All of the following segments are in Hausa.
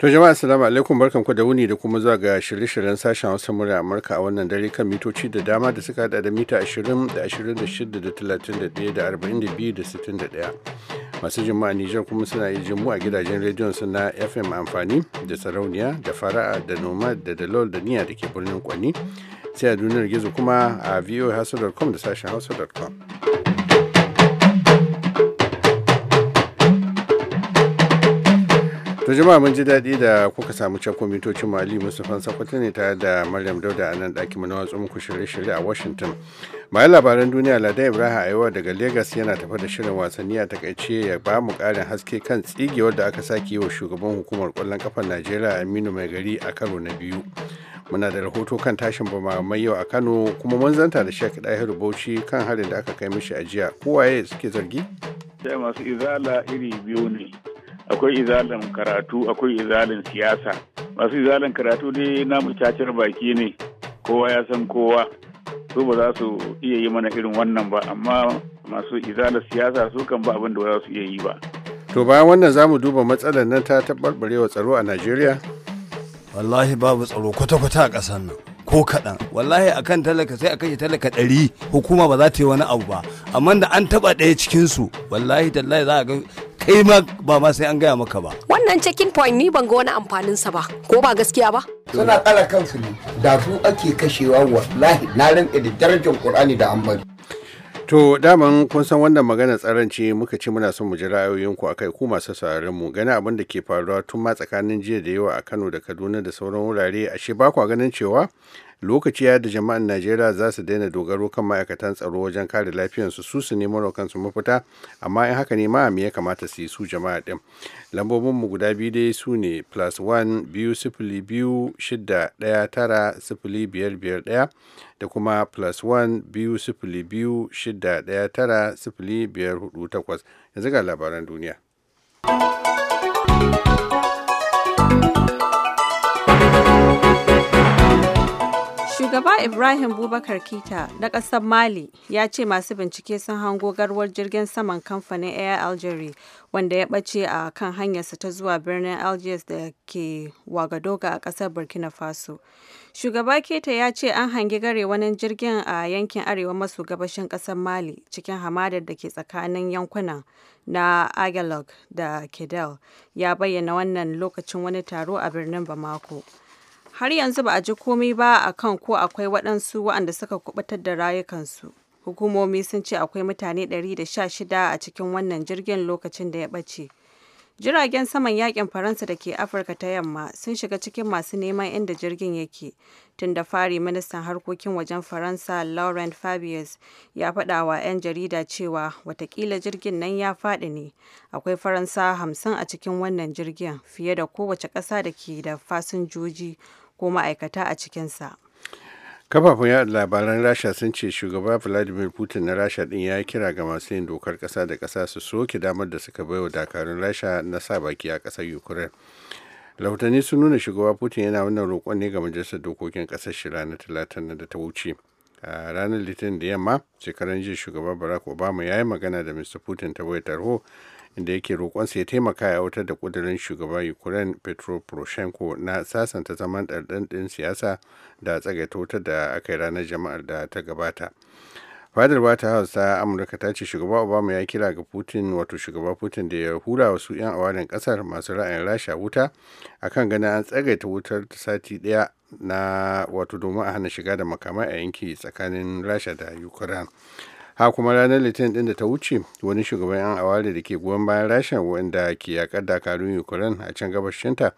To jama'a assalamu alaikum ku da wuni da kuma zuwa ga shirye-shiryen sashen Hausa murya Amurka a wannan dare kan mitoci da dama da suka hada da mita 20 da 26 da 31 da 42 da 61. Masu jima'a Nijar kuma suna yi jimu a gidajen rediyon suna na FM amfani da sarauniya da fara'a da noma da dalol da niya da ke birnin kwani sai a duniyar gizo kuma a voahausa.com da sashen hausa.com. to jama'a mun ji daɗi da kuka samu can kwamitocin mali musulman sakwata ne tare da maryam dauda a nan ɗaki mana watsu muku shirye-shirye a washington bayan labaran duniya ladan ibrahim ayewa daga lagos yana tafa da shirin wasanni a takaice ya ba mu ƙarin haske kan tsigewar da aka sake yi wa shugaban hukumar ƙwallon ƙafar najeriya aminu mai gari a karo na biyu muna da rahoto kan tashin bamamai yau a kano kuma mun zanta da shek ɗahiru bauchi kan harin da aka kai mishi a jiya kowaye suke zargi sai masu izala iri biyu ne akwai izalin karatu akwai izalin siyasa masu izalin karatu ne na cacar baki ne kowa ya san kowa su ba za su iya yi mana irin wannan ba amma masu izalin siyasa su kan ba abin da za su iya yi ba to bayan wannan za mu duba matsalar nan ta taɓarɓarewa tsaro a najeriya wallahi babu tsaro kwata-kwata a ƙasar nan ko kaɗan wallahi a kan talaka sai a akan talaka ɗari hukuma ba za ta yi wani abu ba amma da an taɓa ɗaya cikinsu wallahi tallahi za a ga kai eh, ma ba ma sai an gaya maka ba wannan checking point ni ban ga wani amfanin sa ba ko ba gaskiya ba suna kala kansu ne da su ake kashewa wallahi na rinka da darajar qur'ani da ambali To daman kun san wannan magana tsaron ce muka ce muna son mu ji ra'ayoyinku a kai ku masu sauraron mu gani abin da ke faruwa tun ma tsakanin jiya da yawa a Kano da Kaduna da sauran wurare ashe ba ku ganin cewa lokaci ya da jama'an najeriya za su daina dogaro kan ma'aikatan tsaro wajen kare lafiyarsu su su nemo kansu mafita amma in haka ne ma me ya kamata su yi su jama'a din lambobin mu guda biyu dai su ne plus one biyu sifili biyu shida daya tara sifili biyar biyar daya da kuma plus one biyu sifili biyu shida daya tara sifili biyar hudu takwas yanzu ga labaran duniya. Shugaba Ibrahim Bubakar Kita na ƙasar Mali ya ce masu bincike sun hango garwar jirgin saman kamfanin Air Algeria wanda ya ɓace a kan hanyarsa ta zuwa birnin Algiers da ke Wagadoga a ƙasar Burkina Faso. Shugaba Keta ya ce an hangi gare wani jirgin a yankin arewa maso gabashin ƙasar Mali cikin hamadar da ke tsakanin yankunan na Agalog da Kidal ya bayyana wannan lokacin wani taro a birnin Bamako. har yanzu ba a ji komai ba a kan ko akwai waɗansu waɗanda suka kubutar da rayukansu. Hukumomi sun ce akwai mutane 116 a cikin wannan jirgin lokacin da ya ɓace. Jiragen saman yakin Faransa da ke Afirka ta yamma sun shiga cikin masu neman inda jirgin yake. Tun da fari ministan harkokin wajen Faransa Laurent Fabius ya faɗa wa 'yan jarida cewa watakila jirgin nan ya faɗi ne. Akwai Faransa hamsin a cikin wannan jirgin fiye da kowace ƙasa da ke da fasinjoji ko ma'aikata a cikinsa. kafafun ya labaran rasha sun ce shugaba vladimir putin na rasha din ya yi kira ga masu yin dokar kasa da kasa su soke damar da suka baiwa dakarun rasha na sa baki a kasar ukraine lautani sun nuna shugaba putin yana wannan roƙon ne ga majalisar dokokin kasar shi ranar talatin da ta wuce a ranar litinin da yamma shekaran jiya shugaba barack obama ya yi magana da mr putin ta wayar tarho inda yake roƙonsa ya taimaka ya wutar da ƙudurin shugaban ukraine petro poroshenko na sasanta zaman ɗarɗin siyasa da tsagaita wutar da aka yi ranar jama'ar da ta gabata fadar white house ta amurka ta ce shugaba obama ya kira ga putin wato shugaba putin da ya hura wasu 'yan awalin kasar masu ra'ayin rasha wuta akan ganin an tsagaita wutar sati daya na wato domin a hana shiga da makamai a yanki tsakanin rasha da ukraine ha kuma ranar litinin din da ta wuce wani shugaban yan awali da ke goyon bayan rasha wanda ke yakar dakarun ukraine a can gabashinta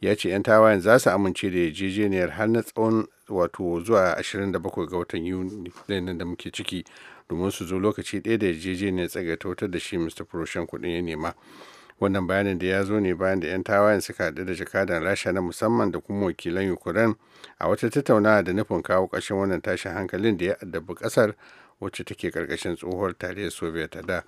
ya ce 'yan tawayen za su amince da yarjejeniyar har na tsawon wato zuwa 27 ga watan yuni da muke ciki domin su zo lokaci ɗaya da yarjejeniyar wutar da shi mr proshen kuɗin ya nema wannan bayanin da ya zo ne bayan da 'yan tawayen suka haɗu da jakadan rasha na musamman da kuma wakilan ukraine a wata tattaunawa da nufin kawo ƙarshen wannan tashin hankalin da ya addabi ƙasar wacce take karkashin tsohuwar tarayyar soviet a da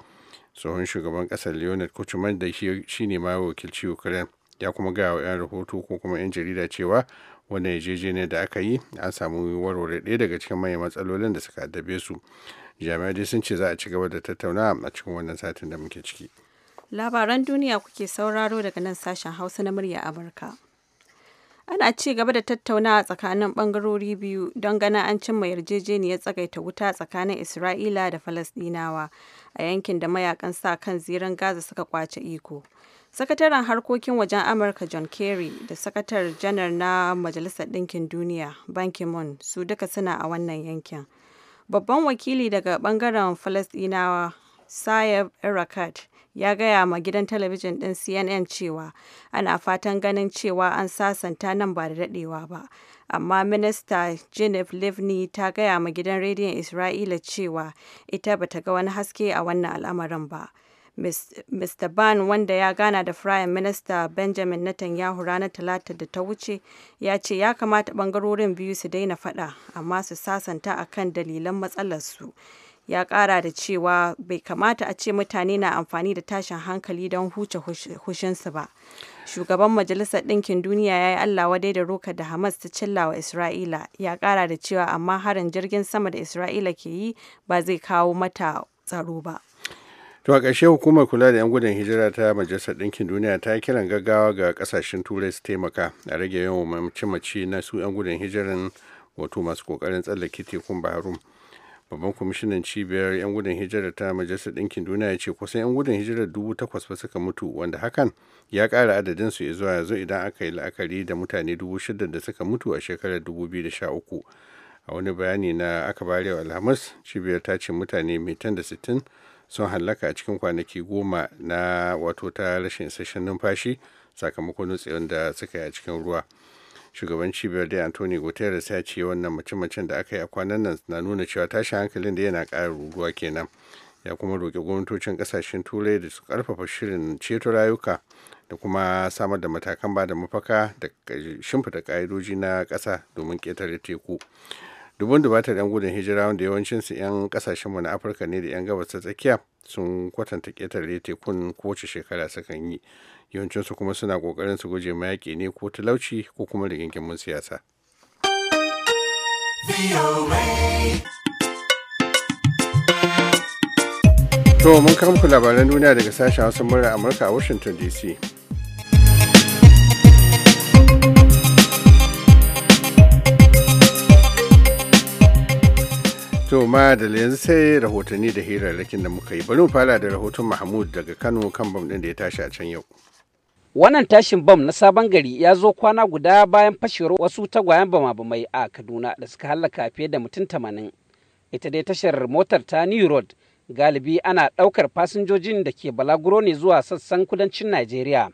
tsohon shugaban kasar leonard kuchman da shi ne ma wakilci ukraine ya kuma gaya wa 'yan rahoto ko kuma 'yan jarida cewa wannan yarjejeniyar da aka yi an samu warware ɗaya daga cikin manyan matsalolin da suka addabe su jami'ai dai sun ce za a ci gaba da tattaunawa a cikin wannan satin da muke ciki labaran duniya kuke sauraro daga nan sashen hausa na murya amurka Ana ci gaba da tattaunawa tsakanin bangarori biyu don ganin an cimma yarjejeniyar tsagaita wuta tsakanin Isra'ila da Falasɗinawa a yankin da mayakan sa kan ziran Gaza suka kwace iko. Sakataren harkokin wajen Amurka John Kerry da Sakatar Janar na Majalisar Ɗinkin Duniya Ban Ki-moon su duka suna a wannan yankin. Babban wakili daga bangaren Falasɗinawa Saeb erakat ya gaya ma gidan talabijin din CNN cewa ana fatan ganin cewa an sasanta nan ba da daɗewa ba. Amma Minista Genevieve Livni ta gaya ma gidan rediyon Isra'ila cewa ita bata ga wani haske a wannan al'amarin ba. Mr. Ban wanda ya gana da Prime Minister Benjamin Netanyahu ranar Talata da ta wuce ya ce ya kamata bangarorin biyu su daina fada amma su sasanta akan dalilan matsalarsu. su. ya kara da cewa bai kamata a ce mutane na amfani da tashin hankali don huce hushinsu ba shugaban majalisar ɗinkin duniya ya yi allah wadai da roka da hamas ta cilla wa isra'ila ya kara da cewa amma harin jirgin sama da isra'ila ke yi ba zai kawo mata tsaro ba to a ƙarshe hukumar kula da 'yan gudun hijira ta majalisar ɗinkin duniya ta kiran gaggawa ga ƙasashen turai su taimaka a rage yawan mace-mace na su 'yan gudun hijiran wato masu ƙoƙarin tsallake tekun bahrum babban kwamishinan cibiyar 'yan gudun hijirar ta majalisar ɗinkin duniya ya ce kusan 'yan gudun hijirar dubu takwas ba suka mutu wanda hakan ya ƙara adadin su zuwa yanzu idan aka yi la'akari da mutane dubu shida da suka mutu a shekarar 2013 a wani bayani na aka barewa alhamis cibiyar ta ce mutane mitan da sittin sun hallaka a cikin kwanaki goma na wato ta rashin isasshen numfashi sakamakon nutsewan da suka yi a cikin ruwa shugaban cibiyar da anthony guterres ya ce wannan mace-macen da aka yi a kwanan nan na nuna cewa tashin hankalin da yana ƙara ruruwa kenan ya kuma roƙi gwamnatocin ƙasashen turai da su ƙarfafa shirin ceto rayuka da kuma samar da matakan ba da mafaka da shimfida ƙa'idoji na ƙasa domin ƙetare teku dubun dubatar 'yan gudun hijira wanda yawancinsu 'yan kasashenmu na afirka ne da 'yan gabas ta tsakiya sun kwatanta ƙetare tekun kowace shekara sukan yi yawancinsu kuma suna kokarin su guje ma yaƙi ne ko talauci ko kuma rigingimin siyasa. To mun kama labaran duniya daga sashen wasu murya Amurka a Washington DC. To ma da yanzu sai rahotanni da hirarrakin da muka yi. Bari mu fara da rahoton Mahmud daga Kano kan bam ɗin da ya tashi a can yau. Wannan tashin bam na sabon gari ya zo kwana guda bayan fashewar wasu tagwayen bama-bamai a Kaduna da suka hallaka fiye da mutum tamanin. Ita dai tashar motar ta New Road galibi ana ɗaukar fasinjojin da ke balaguro ne zuwa sassan kudancin Najeriya.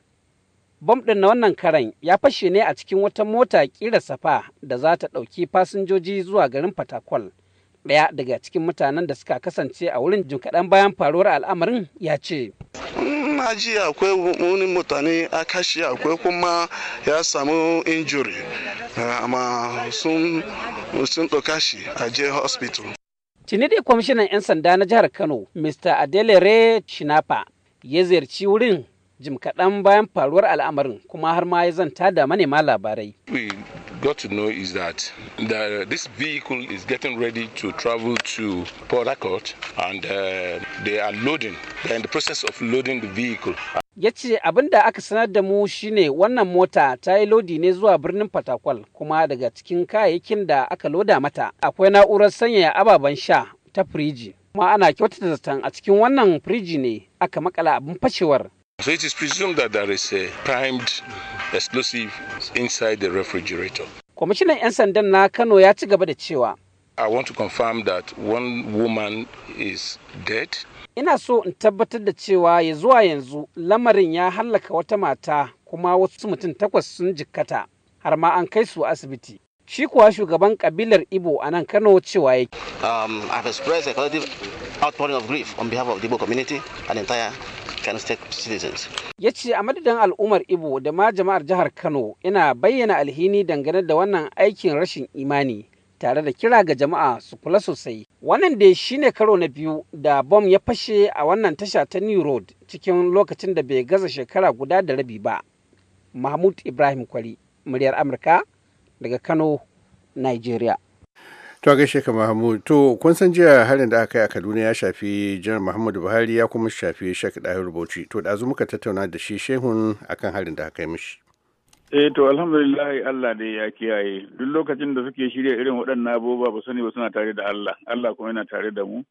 Bam ɗin na wannan karen ya fashe ne a cikin wata mota ƙira safa da za ta ɗauki fasinjoji zuwa garin Fatakwal. Ɗaya daga cikin mutanen da suka kasance a wurin jin kaɗan bayan faruwar al'amarin ya ce. Mm, na ji akwai wani mutane a kashi akwai kuma ya samu injuri eh, amma sun ɗauka shi a je hospital. Cinidi kwamishinan 'yan sanda na jihar Kano, Mr. Adelere Shinapa, ya ziyarci wurin jim kaɗan bayan faruwar al'amarin kuma har ma ya zanta da manema labarai. We got to know is that the, this is getting ready to travel to Port uh, the process of loading the vehicle. Ya ce abin da aka sanar da mu shine wannan mota ta yi lodi ne zuwa birnin Fatakwal kuma daga cikin kayayyakin da aka loda mata akwai na'urar sanyaya ababen sha ta firiji. Kuma ana kyautata zaton a cikin wannan firiji ne aka makala abin fashewar So it is presumed that there is a primed explosive inside the refrigerator. Kwamishinan 'yan sandan na Kano ya ci gaba da cewa. I want to confirm that one woman is dead. Ina so in tabbatar da cewa ya zuwa yanzu lamarin ya hallaka wata mata kuma wasu mutum takwas sun jikkata har ma an kai su asibiti. Shi kuwa shugaban kabilar Ibo a nan Kano cewa yake. Um, I've expressed a collective outpouring of grief on behalf of the Igbo community and entire Kano State citizens. Ya ce a madadin al'ummar Ibo da ma jama'ar jihar Kano ina bayyana alhini dangane da wannan aikin rashin imani tare da kira ga jama'a su kula sosai. Wannan da shi ne karo na biyu da bom ya fashe a wannan tasha ta New Road cikin lokacin da bai gaza shekara guda da rabi ba. Mahmud Ibrahim Kwari, muryar Amurka daga Kano, Nigeria. to gaishe ka mahmud to kun san jiya harin da aka yi a kaduna ya shafi janar muhammadu buhari ya kuma shafi shak dahir bauchi to da muka tattauna da shi shehun akan harin da aka yi mishi eh to alhamdulillah Allah dai ya kiyaye duk lokacin da suke shirya irin waɗannan abubuwa ba su ne ba suna tare da Allah Allah kuma yana tare da mu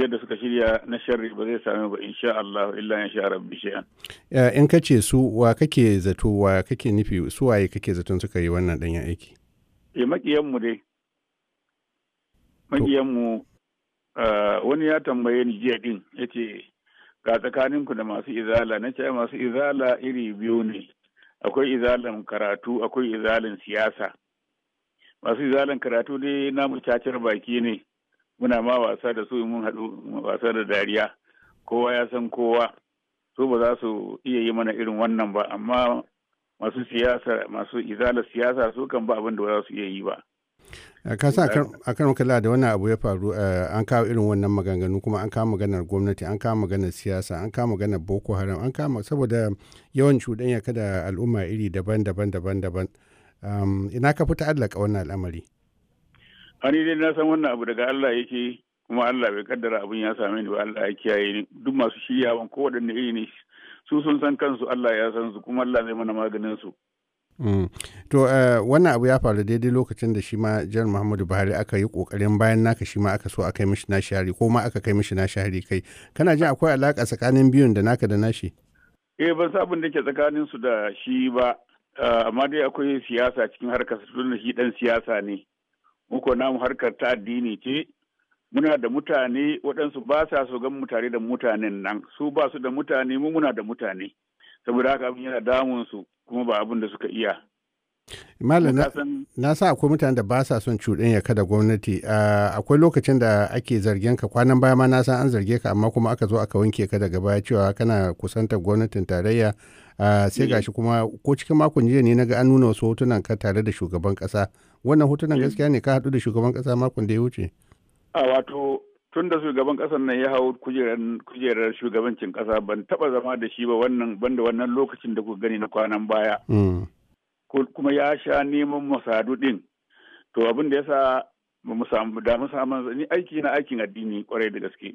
yadda suka shirya na sharri ba zai same ba insha Allah illa in sha rabbi shi'an in ce su wa kake zato wa kake nufi su waye kake zaton suka yi wannan danyen aiki e eh, makiyan mu dai makiyan mu wani ya tambaye ni jiya din yace ga tsakanin ku da masu izala na ce masu izala iri biyu ne akwai izalan karatu akwai izalan siyasa masu izalan karatu dai namu cacar baki ne muna ma wasa da su mun haɗu wasa da dariya kowa ya san kowa su ba za su iya yi mana irin wannan ba amma masu siyasa masu izala siyasa su kan ba abin da ba za su iya yi ba ka sa a kan kala da wannan abu ya faru eh, an kawo irin wannan maganganu kuma an kawo maganar gwamnati an kawo maganar siyasa an kawo maganar boko haram an kawo saboda yawan cuɗanya kada al'umma iri daban daban daban daban ina ka fita allaka wannan al'amari Ani dai na san wannan abu daga Allah yake kuma Allah bai kaddara abin ya same ni ba Allah ya kiyaye ni duk masu shiryawan ko waɗanne iri ne su sun san kansu Allah ya san su kuma Allah zai mana maganin su. Mm. To eh, wannan abu ya faru daidai lokacin da shi ma Jan Muhammadu Buhari aka yi kokarin bayan naka shi ma aka so aka kai mishi nashi hari ko ma aka kai mishi nashi hari kai. Kana jin akwai alaka tsakanin biyun da naka da nashi? Eh ban san abin da ke tsakanin su da shi ba ah, amma dai akwai siyasa cikin harkar su da shi dan siyasa ne. muko namu harkar ta addini ce muna da mutane waɗansu ba sa so gan mutane da mutanen nan su ba su da mutane mu muna da mutane saboda haka abin yana damun su kuma ba abin da suka iya Malam na sa akwai mutane da ba sa son ya kada gwamnati ah, akwai lokacin da ake zargen ka kwanan baya ma na san an zarge ka amma kuma aka zo aka wanke ka daga baya cewa kana kusantar gwamnatin tarayya Ah, sai mm. gashi kuma ko cikin makon jiya ne naga an nuna wasu hotunan ka tare da shugaban kasa wannan hotunan mm. gaskiya ne ka haɗu da shugaban kasa makon da ya wuce a wato tun da shugaban kasan nan ya hau kujerar shugabancin kasa ban taba zama da shi ba wannan banda wannan lokacin da kuka gani na kwanan baya mm. kuma ya sha neman masadu din to abin da ya sa ba mu samu da mu samu aiki na aikin addini kwarai da gaske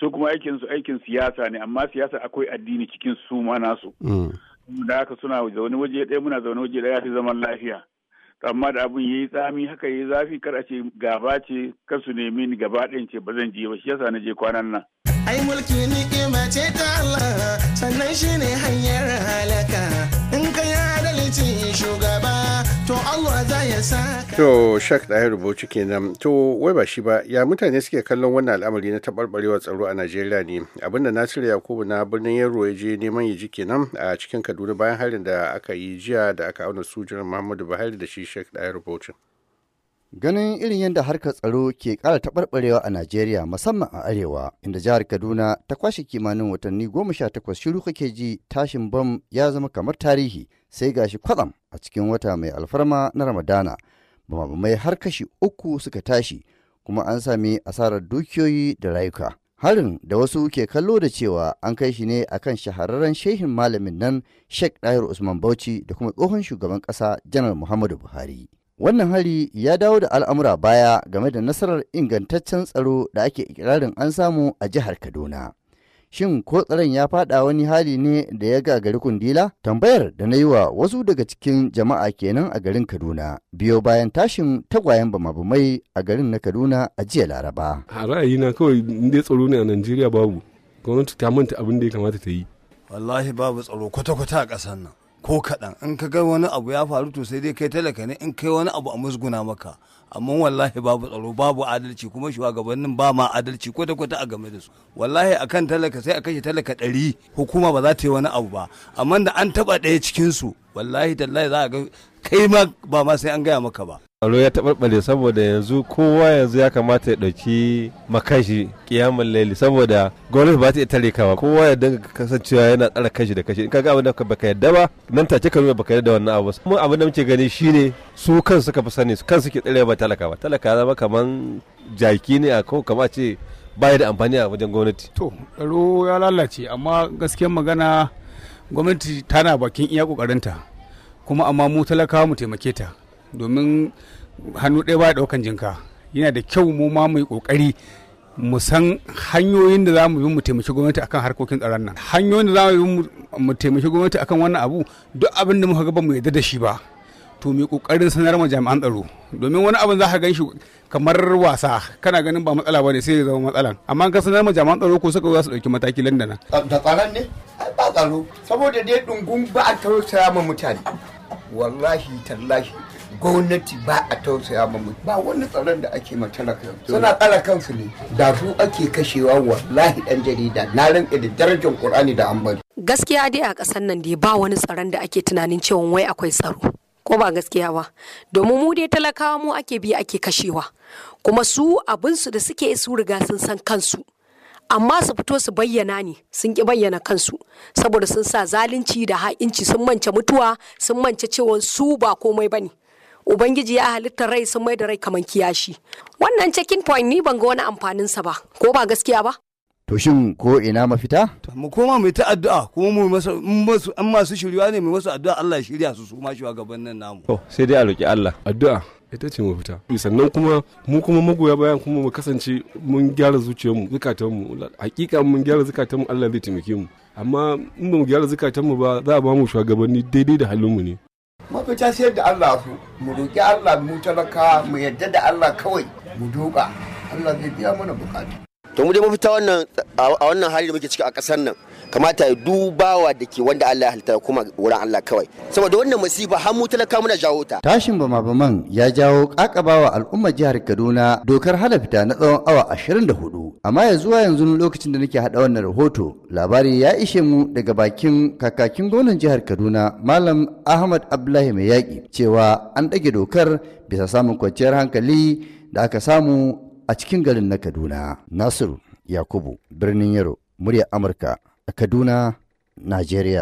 su kuma aikin su aikin siyasa ne amma siyasa akwai addini cikin su ma nasu mm. da haka suna zaune waje ɗaya muna zaune waje ɗaya fi zaman lafiya amma da abin yayi tsami haka yayi zafi kar a ce gaba ce kar su nemi ni gaba ɗayan ce ba zan je ba shi yasa na je kwanan nan ai mulki ni ce ta Allah sannan shine hanyar halaka in ka yi adalci shugaba to Allah za ya Shak ɗaya rubuci kenan to wai ba shi ba ya mutane suke kallon wannan al'amari na taɓarɓarewar tsaro a Najeriya ne abinda Nasiru Yakubu na birnin Yaro ya je neman yaji kenan a cikin Kaduna bayan harin da aka yi jiya da aka auna sujiran Muhammadu Buhari da shi Shak ɗaya rubuci Ganin irin yadda harkar tsaro ke kara taɓarɓarewa a Najeriya musamman a Arewa, inda jihar Kaduna ta kwashe kimanin watanni goma sha takwas shiru kake ji tashin bam ya zama kamar tarihi sai gashi kwatsam a cikin wata mai alfarma na ramadana mai har kashi uku suka tashi kuma an sami asarar dukiyoyi da rayuka harin da wasu ke kallo da cewa an kai shi ne akan shahararren shehin malamin nan sheikh dahir usman bauchi da kuma tsohon shugaban kasa janar muhammadu buhari wannan hari ya dawo da al'amura baya game da nasarar ingantaccen tsaro da ake ikirarin an samu a jihar kaduna shin ko tsaron ya fada wani hali ne da ya gagari kundila tambayar da na yi wa wasu daga cikin jama'a kenan a garin kaduna biyo bayan tashin tagwayen bamabumai a garin na kaduna a jiya laraba a na kawai dai tsaro ne a najeriya babu gwamnati ta manta abin da ya kamata ta yi wallahi babu tsaro kwata-kwata a ƙasar nan ko kaɗan in ka ga wani abu ya faru to sai dai kai talaka ne in kai wani abu a musguna maka amma wallahi babu tsaro babu adalci kuma shugabannin ba ma adalci kwata kwata a game da su wallahi akan talaka sai a kashe talaka ɗari hukuma ba za ta yi wani abu ba amma da an taɓa ɗaya cikinsu wallahi tallahi za a ga kai ma ba ma sai an gaya maka ba tsaro ya taɓarɓare saboda yanzu kowa yanzu ya kamata ya ɗauki makashi kiyamun laili saboda gwamnati ba ta iya tare kawa kowa ya dinga kasancewa yana tsara kashi da kashi in kaga abin da baka yadda ba nan take ka nuna baka yadda wannan abu mu abin da muke gani shine su kan suka fi sani su kan suke tsare ba talaka ba talaka ya zama kaman jaki ne a ko kama ce baya da amfani a wajen gwamnati to tsaro ya lalace amma gaskiyar magana gwamnati tana bakin iya kokarinta kuma amma mu talakawa mu taimake ta domin hannu ɗaya ba ɗaukan jinka yana da kyau mu ma mu yi ƙoƙari mu san hanyoyin da za mu bi mu taimaki gwamnati akan harkokin tsaron nan hanyoyin da za mu bi mu taimaki gwamnati akan wannan abu duk abin da muka ga ba mu yarda da shi ba to mu kokarin sanar ma jami'an tsaro domin wani abin za ka gan shi kamar wasa kana ganin ba matsala ba ne sai ya zama matsalan amma ka sanar ma jami'an tsaro ko suka za su dauki mataki nan da tsaron ne ba tsaro saboda dai dungun ba a tausaya ma mutane wallahi tallahi gwamnati ba a tausaya ba ba wani tsaron da ake ma talaka suna tsara kansu ne da su ake kashewa wallahi dan jarida na rinka da darajar qur'ani da an bari gaskiya dai a ƙasar nan dai ba wani tsaron da ake tunanin cewa wai akwai tsaro ko ba gaskiya ba domin mu dai talakawa mu ake bi ake kashewa kuma su su da suke su riga sun san kansu amma su fito su bayyana ne sun ki bayyana kansu saboda sun sa zalunci da ha'inci sun mance mutuwa sun mance cewa su ba komai bane ubangiji ya halitta rai sun mai da rai kaman kiyashi wannan checking point ni ban ga wani amfanin sa ba ko ba gaskiya ba to shin ko ina mafita mu koma mu ta addu'a kuma mu masa masu an masu shiriwa ne mu masu addu'a Allah ya shirya su su ma nan namu to sai dai a roki Allah addu'a ita ce mafita sannan kuma mu kuma magoya bayan kuma mu kasance mun gyara zuciyarmu zukatanmu hakika mun gyara zukatanmu Allah zai taimake mu amma in ba mu gyara zukatanmu ba za a ba mu shugabanni daidai da halinmu ne mafita sai da Allah su mu roƙi Allah mu talaka mu yadda da Allah kawai mu doka Allah zai biya mana bukatu to mu dai mafita wannan a wannan hali da muke ciki a ƙasar nan kamata ya dubawa da ke wanda Allah ya halitta kuma wurin Allah kawai saboda wannan masifa har mu talaka muna jawo ta tashin bama baman ya jawo kakabawa al'ummar jihar Kaduna dokar hana fita na tsawon awa 24 amma ya zuwa yanzu lokacin da nake hada wannan rahoto labari ya ishe mu daga bakin kakakin gonan jihar Kaduna Malam Ahmad Abdullahi mai yaki cewa an ɗage dokar bisa samun kwanciyar hankali da aka samu a cikin garin na Kaduna Nasiru Yakubu birnin Yaro muryar Amurka a Kaduna, Najeriya.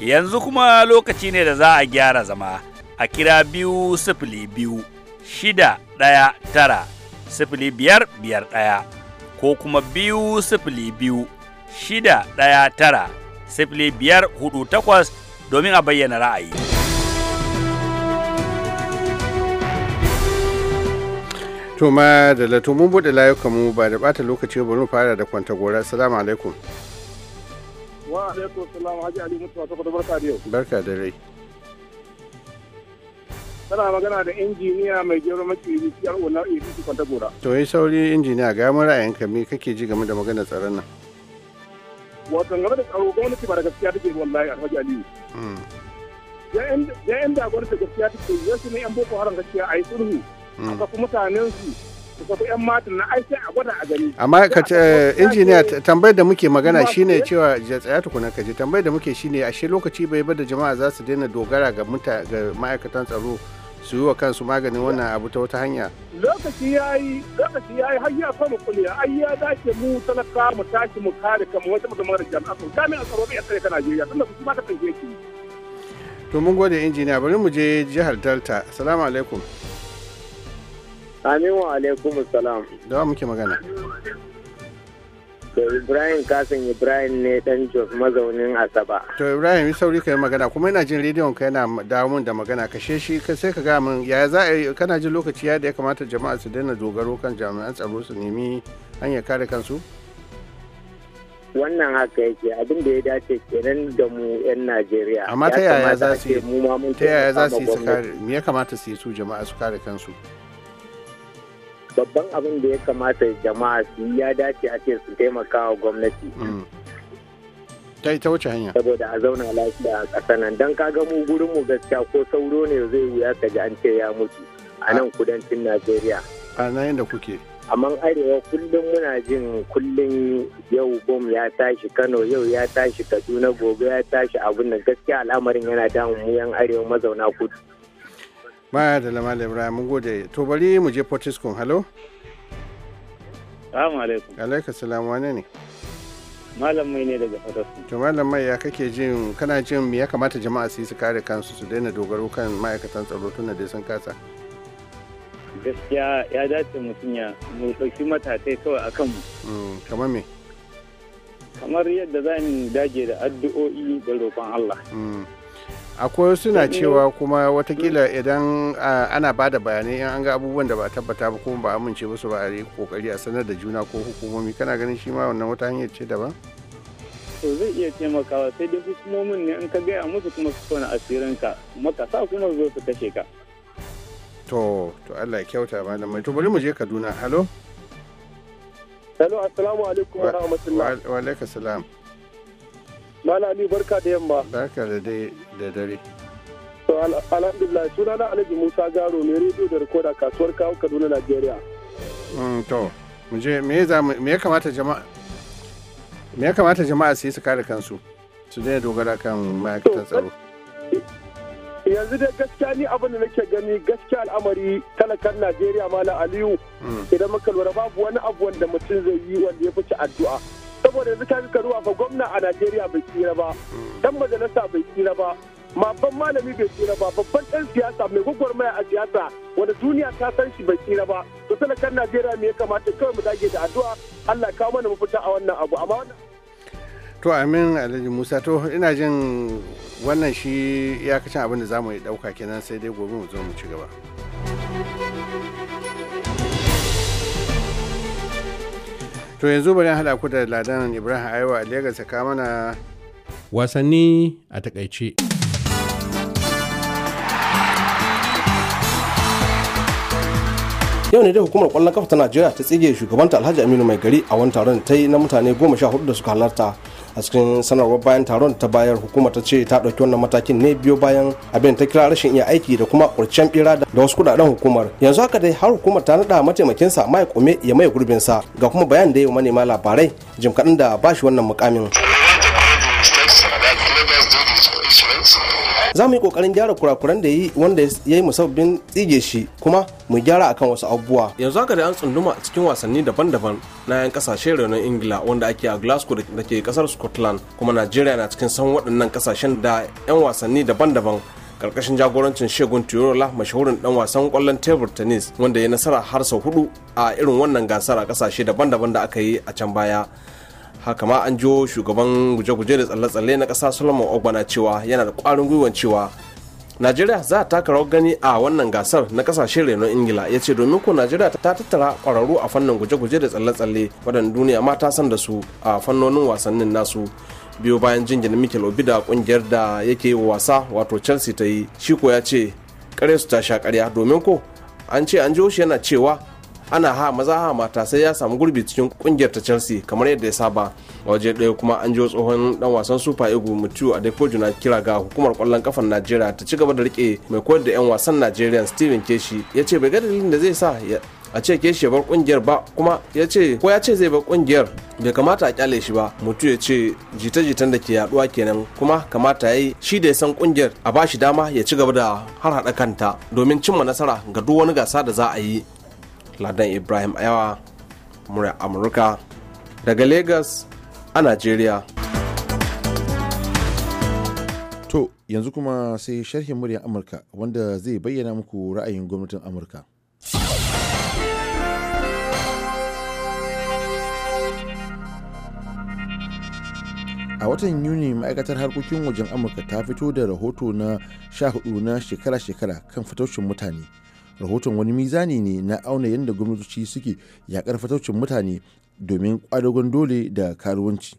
yanzu kuma lokaci ne da za a gyara zama a kira biyu sifili biyu shida ɗaya tara sifili biyar biyar ɗaya ko kuma biyu sifili biyu shida ɗaya tara sifili biyar hudu takwas domin a bayyana ra'ayi. Tuma da lato mun buɗe layukanmu ba da ɓata lokaci ba mu fara da kwanta gora. Assalamu alaikum. Wa alaikum salam Haji Ali Mutuwa ta barka da yau. Barka da rai. tana magana da injiniya mai gero maki ciyar unar isi kwanta gora to yi sauri injiniya ga mu ra'ayinka me kake ji game da magana tsaron nan wato game da tsaro gwamnati ba da gaskiya take wallahi alhaji aliyu hmm. ya yan da gaskiya take yanzu ne yan boko haram gaskiya a yi sulhu a hmm. kafa mutanen su amma ka ce injiniya tambayar da muke magana shine cewa ya tsaya tukuna tambayar da muke shine ashe lokaci bai bada jama'a za su daina dogara ga ma'aikatan tsaro su yi wa kansu maganin wannan abu ta wata hanya lokaci ya yi lokaci ya yi har ya mu kuliya ai ya dace mu talaka mu tashi mu kare kanmu wata mutumar jami'a sun kame a tsaro ya a tsare ka Najeriya tunda su ma ka tsanke ki to mun gode injiniya bari mu je jihar Delta assalamu alaikum Aminu alaikum salam da muke magana To Ibrahim Kasim Ibrahim ne dan Jos mazaunin Asaba. To Ibrahim yi sauri ka yi magana kuma yana jin rediyon ka yana damun da magana kashe shi ka sai ka ga min ya za a yi kana jin lokaci ya da ya kamata jama'a su daina dogaro kan jami'an tsaro su nemi hanyar kare kansu? Wannan haka yake abin da ya dace kenan da mu 'yan Najeriya. Amma ta yaya za su yi ta yaya za su yi su kare me ya kamata su yi su jama'a su kare kansu? babban abin da ya kamata jama'a su ya dace a ce su taimaka wa gwamnati mm. ta ita wuce hanya saboda a zauna lafiya a ƙasa nan don ka mu gurin mu gaskiya ko sauro ne zai wuya ka ji an ce ya mutu a nan kudancin najeriya a nan yadda kuke amma arewa kullum muna jin kullum yau bom ya tashi kano yau ya tashi kaduna gobe ya tashi abin nan gaskiya al'amarin yana damun mu yan arewa mazauna kudu ba da lama ibrahim mun gode to bari mu je fortiskun halo salamu alaikum alaikum salam wane ne malam mai ne daga fortiskun to malam mai ya kake jin kana jin me ya kamata jama'a su yi su kare kansu su daina dogaro kan ma'aikatan tsaro tun da sun kasa gaskiya ya dace mutum ya mu ɗauki matakai kawai akan mu mm, kamar me kamar yadda za mu dage da addu'o'i da roƙon Allah mm. akwai wasu na cewa kuma watakila idan ana ba da bayanai in an ga abubuwan da ba tabbata ba kuma ba amince musu ba a yi kokari a sanar da juna ko hukumomi kana ganin shi ma wannan wata hanyar ce daban to zai iya taimakawa sai dai hukumomin ne in ka gaya musu kuma su tona asirin ka kuma zo su kashe ka to to Allah ya kyauta malamai to bari mu je Kaduna halo halo assalamu alaikum wa rahmatulah. wa alaikum salam Malami barka da yamma. Barka da da dare. To alhamdulillah suna na Alhaji Musa Garo ne rediyo da rikoda kasuwar kawo Kaduna Najeriya. Mm, to mu je me ya kamata jama'a me ya kamata jama'a su yi su kare kansu su daina dogara kan ma'aikatan tsaro. yanzu dai gaskiya ni abin da nake gani gaskiya al'amari talakan najeriya malam aliyu mm. idan muka lura babu wani abu wanda mutum zai yi wanda ya fice addu'a saboda yanzu fi karuwa fa gwamna a Najeriya bai tsira ba dan majalisa bai tsira ba ban malami bai tsira ba babban dan siyasa mai gwagwarmaya a siyasa wanda duniya ta san shi bai tsira ba to talakan Najeriya me ya kamata kawai mu dage da addu'a Allah kawo mana mafita a wannan abu amma wannan to amin alhaji musa to ina jin wannan shi ya iyakacin abin da za mu ɗauka kenan sai dai gobe mu zo mu ci gaba. to yanzu bari haɗa ku da ladan ibrahim aiwa a legas ka mana wasanni a takaice yau ne dai hukumar kwallon kafa ta najeriya ta tsige shugabanta alhaji aminu mai gari a wani taron ta yi na mutane goma sha hudu da suka halarta a cikin sanarwar bayan taron ta bayar hukumar ta ce ta ɗauki wannan matakin ne biyo bayan abin ta kira rashin iya aiki da kuma kurcen bira da wasu kudaden hukumar yanzu haka dai har hukumar ta naɗa mataimakinsa mai kome ya mai sa ga kuma bayan da ya yi wa manema labarai jim kaɗan da ba shi wannan mukamin. za mu yi kokarin gyara kurakuran da yi wanda ya yi musabbin tsige shi kuma mu gyara akan wasu abubuwa yanzu haka da an tsunduma a cikin wasanni daban-daban na yan kasashen renon ingila wanda ake a glasgow da ke kasar scotland kuma nigeria na cikin san waɗannan kasashen da yan wasanni daban-daban karkashin jagorancin shegun tuyorola mashahurin dan wasan kwallon tebur tennis wanda ya nasara har sau hudu a irin wannan gasar a kasashe daban-daban da aka yi a can baya haka ma an jiwo shugaban guje-guje da tsalle-tsalle na ƙasa solomon ogbana cewa yana da ƙwarin gwiwan cewa najeriya za ta taka rawar gani a wannan gasar na ƙasashen renon ingila ya ce domin ko najeriya ta tattara ƙwararru a fannin guje-guje da tsalle-tsalle waɗanda duniya ma ta san da su a fannonin wasannin nasu biyu bayan jingina mikel obi da kungiyar da yake yi wasa wato chelsea ta yi shi ko ya ce kare su ta sha karya domin ko an ce an shi yana cewa ana ha maza ha mata sai ya samu gurbi cikin kungiyar ta chelsea kamar yadda ya saba a waje ɗaya kuma an jiwo tsohon dan wasan super eagles mutu a na kira ga hukumar kwallon kafan najeriya ta ci gaba da rike mai koyar da 'yan wasan najeriya steven keshi ya ce bai ga dalilin da zai sa a ce keshi ya bar kungiyar ba kuma ya ce ko ya ce zai bar kungiyar bai kamata a kyale shi ba mutu ya ce jita-jitan da ke yaduwa kenan kuma kamata ya shi da ya san kungiyar a ba shi dama ya ci gaba da har hada kanta domin cimma nasara ga duk wani gasa da za a yi ladan ibrahim ayawa murya amurka daga lagos a nigeria to yanzu kuma sai sharhin muryar amurka wanda zai bayyana muku ra'ayin gwamnatin amurka a watan yuni ma'aikatar harkokin wajen amurka ta fito da rahoto na 14 na shekara-shekara kan fitoshin mutane rahoton wani mizani ne na auna yadda gwamnatoci suke yakar fataucin mutane domin kwadagon dole da karuwanci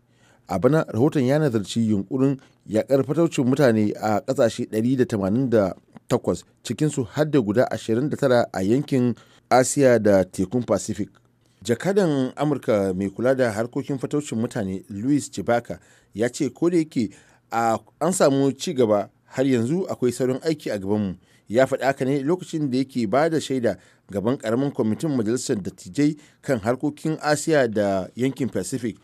a bana rahoton ya nazarci yunkurin yakar fataucin mutane a kasashe 188 cikinsu har da guda 29 a yankin asiya da tekun pacific jakadan amurka mai kula da harkokin fataucin mutane louis chibaka ya ce ko da yake an samu ci gaba har yanzu akwai sauran aiki a gabanmu ya faɗi haka ne lokacin da yake ba da shaida gaban karamin kwamitin majalisar dattijai kan harkokin asiya da yankin pacific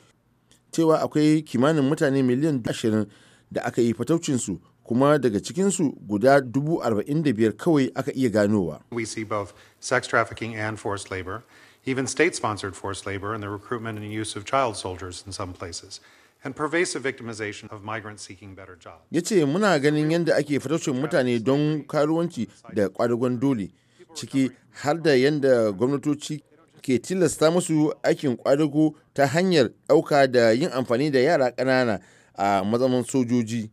cewa akwai kimanin mutane miliyan ashirin da aka yi fataucinsu kuma daga cikinsu guda 45,000 kawai aka iya ganowa. We see both sex trafficking and forced labor, even state-sponsored forced labor and the recruitment and use of child soldiers in some places. and pervasive victimization of migrants seeking better jobs. Ya ce muna ganin yadda ake fataucin mutane don karuwanci da kwadagon dole ciki har da yadda gwamnatoci ke tilasta musu aikin kwadago ta hanyar ɗauka da yin amfani da yara ƙanana a mazaman sojoji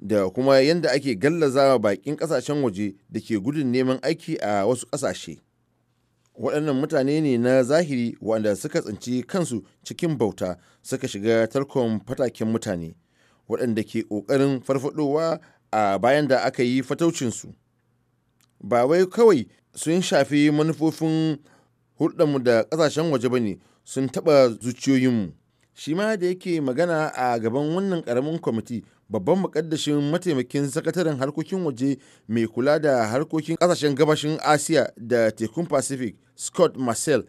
da kuma yadda ake gallazawa baƙin ƙasashen waje da ke gudun neman aiki a wasu ƙasashe. waɗannan mutane ne na zahiri waɗanda suka tsinci kansu cikin bauta suka shiga tarkon fataken mutane waɗanda ke ƙoƙarin farfadowa a bayan da aka yi fataucinsu ba wai kawai sun shafi manufofin hulɗarmu da ƙasashen waje ba ne sun taɓa zuciyoyinmu shi ma da yake magana a gaban wannan ƙaramin kwamiti babban mukaddashin mataimakin sakataren harkokin waje mai kula da harkokin kasashen gabashin asiya da tekun pacific scott marcel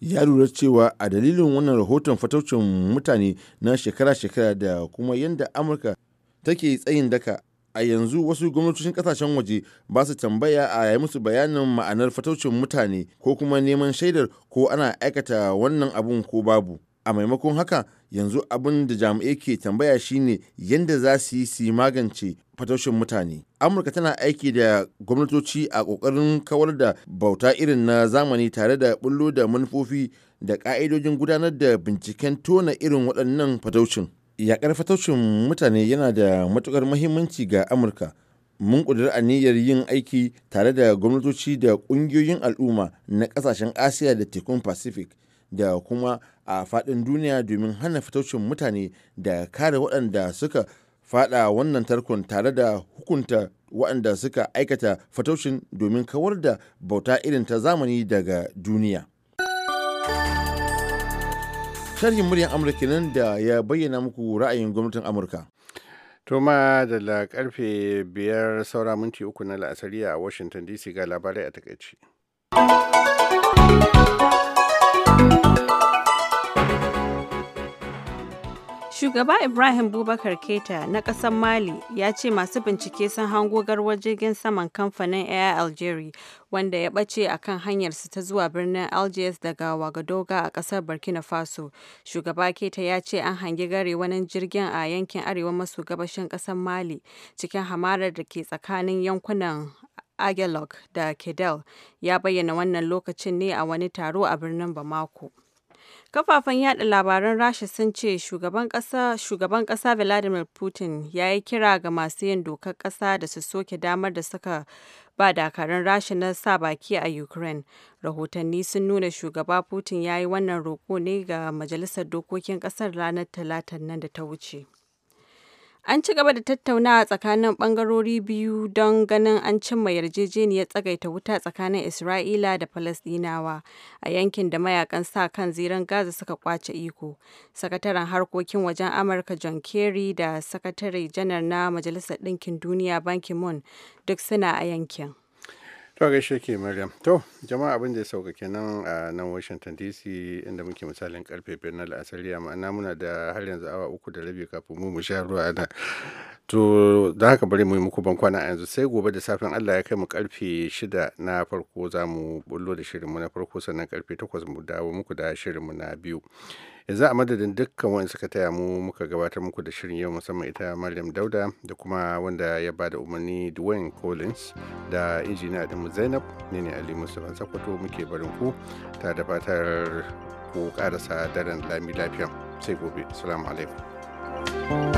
ya lura cewa a dalilin wannan rahoton fataucin mutane na shekara-shekara da kuma yadda amurka take tsayin daka a yanzu wasu gwamnatocin kasashen waje ba su tambaya a yi musu bayanin ma'anar fataucin mutane ko kuma neman shaidar ko ana aikata wannan abun ko babu a maimakon haka yanzu abin da jami'ai ke tambaya shine yadda za su yi su magance fatoshin mutane amurka tana aiki da gwamnatoci a ƙoƙarin kawar da bauta irin na zamani tare da bullo da manufofi da ka'idojin gudanar da binciken tona irin waɗannan fatoshin yaƙar fatoshin mutane yana da matuƙar muhimmanci ga amurka mun ƙudiri aniyar yin aiki tare da gwamnatoci da ƙungiyoyin al'umma na ƙasashen asiya da tekun pacific da kuma a fadin duniya domin hana fitocin mutane da kare waɗanda suka fada wannan tarkon tare da hukunta waɗanda suka aikata fatoshin domin kawar da bauta irin ta zamani daga duniya. sharhin muryar amurka nan da ya bayyana muku ra'ayin gwamnatin amurka toma da la karfe biyar saura minti uku na la'asari a washington dc ga labarai a takaici Shugaba Ibrahim Bubakar Keta na ƙasar Mali ya ce masu bincike sun hango garwar jirgin saman kamfanin Air Algeria wanda ya ɓace a kan hanyarsu ta zuwa birnin Algiers daga Wagadoga a ƙasar Burkina Faso. Shugaba Keta ya ce an hangi gare wani jirgin a yankin arewa maso gabashin ƙasar Mali cikin hamarar da ke tsakanin yankunan agelok da Kedel ya bayyana wannan lokacin ne a wani taro a birnin Bamako. Kafafen yada labaran Rasha sun ce shugaban kasa Vladimir Putin ya yi kira ga masu yin dokar kasa da su soke damar da suka ba dakarun Rasha na sa baki a Ukraine. Rahotanni sun nuna shugaba Putin ya yi wannan roko ne ga Majalisar Dokokin kasar ranar talata nan da ta wuce. An ci gaba da tattaunawa tsakanin ɓangarori biyu don ganin an cimma yarjejeniyar tsagaita wuta tsakanin Isra'ila da Falasɗinawa a yankin da mayakan sa-kan zirin Gaza suka kwace iko. Sakataren harkokin wajen Amurka John Kerry da Sakatare Janar na Majalisar Ɗinkin Duniya Ban Ki-moon duk suna a yankin. To gaishe ke Maryam. To jama'a abin da ya sauka kenan a nan Washington DC inda muke misalin karfe biyar na la'asari ma'ana muna da har yanzu awa uku da rabi kafin mu mu sha ruwa ana. To da haka bari mu yi muku bankwana a yanzu sai gobe da safin Allah ya kai mu karfe shida na farko za mu bullo da shirinmu na farko sannan karfe takwas mu dawo muku da shirinmu na biyu. yanzu a madadin dukkan wani suka taya mu muka gabatar muku da shirin yau musamman ita maryam dauda da kuma wanda ya ba da umarni dwayne collins da injiniya mu zainab ne ne ali musulman sakwato muke barin ku ta da fatar ku karasa daren lami lafiya sai gobe salamu alaikum